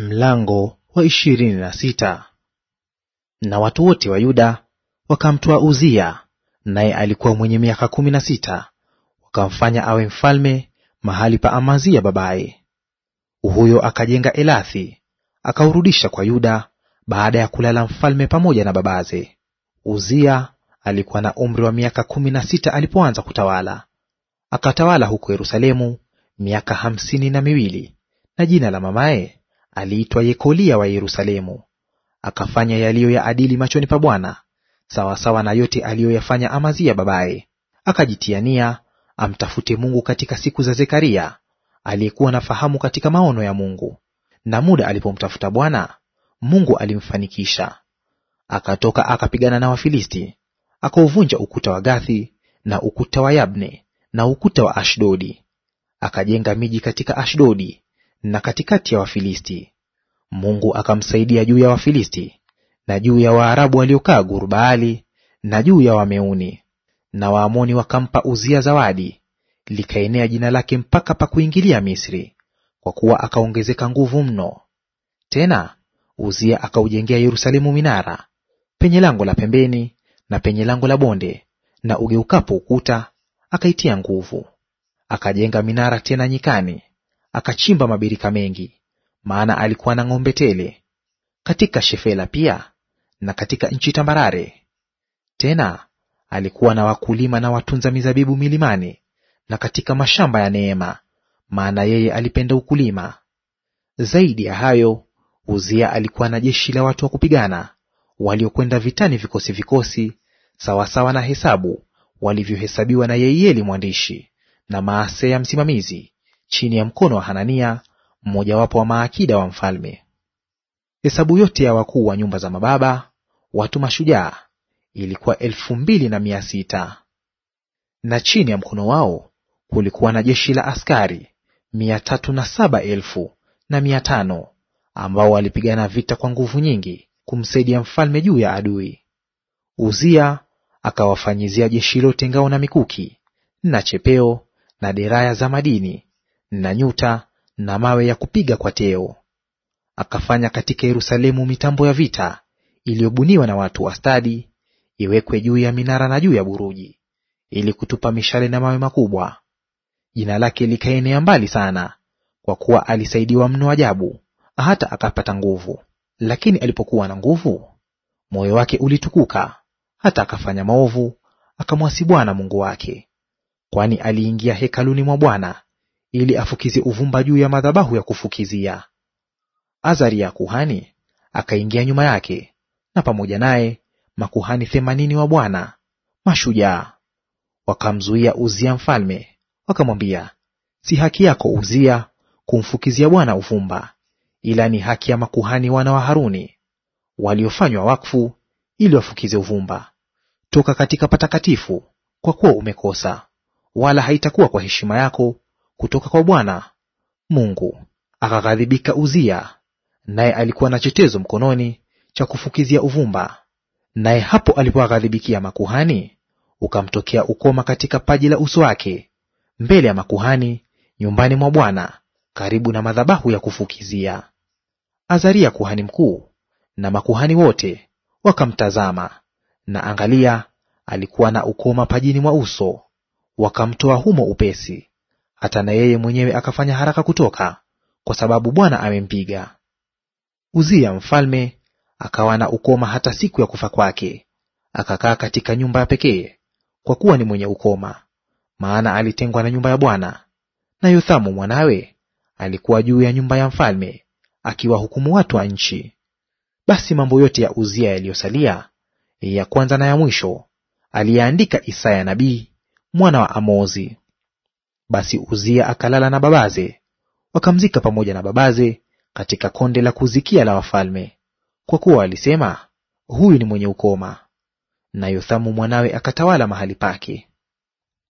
Mlango wa ishirini na sita. Na watu wote wa Yuda wakamtoa Uzia, naye alikuwa mwenye miaka kumi na sita, wakamfanya awe mfalme mahali pa Amazia babaye. Huyo akajenga Elathi, akaurudisha kwa Yuda baada ya kulala mfalme pamoja na babaze. Uzia alikuwa na umri wa miaka kumi na sita alipoanza kutawala, akatawala huko Yerusalemu miaka hamsini na miwili, na jina la mamaye aliitwa Yekolia wa Yerusalemu, akafanya yaliyo ya adili machoni pa Bwana sawasawa na yote aliyoyafanya Amazia babaye. Akajitiania amtafute Mungu katika siku za Zekaria aliyekuwa na fahamu katika maono ya Mungu, na muda alipomtafuta Bwana Mungu alimfanikisha. Akatoka akapigana na Wafilisti, akauvunja ukuta wa Gathi na ukuta wa Yabne na ukuta wa Ashdodi. Akajenga miji katika Ashdodi na katikati ya Wafilisti. Mungu akamsaidia juu ya Wafilisti na juu ya Waarabu waliokaa Gurbaali na juu ya Wameuni. Na Waamoni wakampa Uzia zawadi, likaenea jina lake mpaka pa kuingilia Misri, kwa kuwa akaongezeka nguvu mno. Tena Uzia akaujengea Yerusalemu minara penye lango la pembeni na penye lango la bonde, na ugeukapo ukuta akaitia nguvu. Akajenga minara tena nyikani akachimba mabirika mengi, maana alikuwa na ng'ombe tele katika Shefela pia na katika nchi tambarare. Tena alikuwa na wakulima na watunza mizabibu milimani na katika mashamba ya neema, maana yeye alipenda ukulima. Zaidi ya hayo, Uzia alikuwa na jeshi la watu wa kupigana waliokwenda vitani, vikosi vikosi, sawasawa na hesabu walivyohesabiwa na Yeieli mwandishi na Maaseya msimamizi, chini ya mkono wa Hanania mmojawapo wa maakida wa mfalme. Hesabu yote ya wakuu wa nyumba za mababa, watu mashujaa, ilikuwa elfu mbili na mia sita. Na chini ya mkono wao kulikuwa na jeshi la askari mia tatu na saba elfu na mia tano ambao walipigana vita kwa nguvu nyingi kumsaidia mfalme juu ya adui. Uzia akawafanyizia jeshi lote ngao na mikuki na chepeo na deraya za madini na nyuta na mawe ya kupiga kwa teo. Akafanya katika Yerusalemu mitambo ya vita iliyobuniwa na watu wa stadi, iwekwe juu ya minara na juu ya buruji, ili kutupa mishale na mawe makubwa. Jina lake likaenea mbali sana, kwa kuwa alisaidiwa mno ajabu, hata akapata nguvu. Lakini alipokuwa na nguvu, moyo wake ulitukuka, hata akafanya maovu, akamwasi Bwana Mungu wake. Kwani aliingia hekaluni mwa Bwana ili afukize uvumba juu ya madhabahu ya kufukizia. Azaria kuhani akaingia nyuma yake, na pamoja naye makuhani themanini wa Bwana mashujaa. Wakamzuia Uzia mfalme, wakamwambia, si haki yako Uzia kumfukizia Bwana uvumba, ila ni haki ya makuhani wana wa Haruni waliofanywa wakfu ili wafukize uvumba. Toka katika patakatifu, kwa kuwa umekosa; wala haitakuwa kwa heshima yako kutoka kwa Bwana Mungu. Akaghadhibika Uzia, naye alikuwa na chetezo mkononi cha kufukizia uvumba, naye hapo alipowaghadhibikia makuhani, ukamtokea ukoma katika paji la uso wake mbele ya makuhani nyumbani mwa Bwana karibu na madhabahu ya kufukizia. Azaria kuhani mkuu na makuhani wote wakamtazama, na angalia, alikuwa na ukoma pajini mwa uso, wakamtoa humo upesi hata na yeye mwenyewe akafanya haraka kutoka, kwa sababu Bwana amempiga. Uzia mfalme akawa na ukoma hata siku ya kufa kwake, akakaa katika nyumba ya pekee, kwa kuwa ni mwenye ukoma, maana alitengwa na nyumba ya Bwana. Na Yothamu mwanawe alikuwa juu ya nyumba ya mfalme, akiwahukumu watu wa nchi. Basi mambo yote ya Uzia yaliyosalia, ya kwanza na ya mwisho, aliyeandika Isaya nabii mwana wa Amozi. Basi Uzia akalala na babaze, wakamzika pamoja na babaze katika konde la kuzikia la wafalme, kwa kuwa walisema, huyu ni mwenye ukoma. Na Yothamu mwanawe akatawala mahali pake.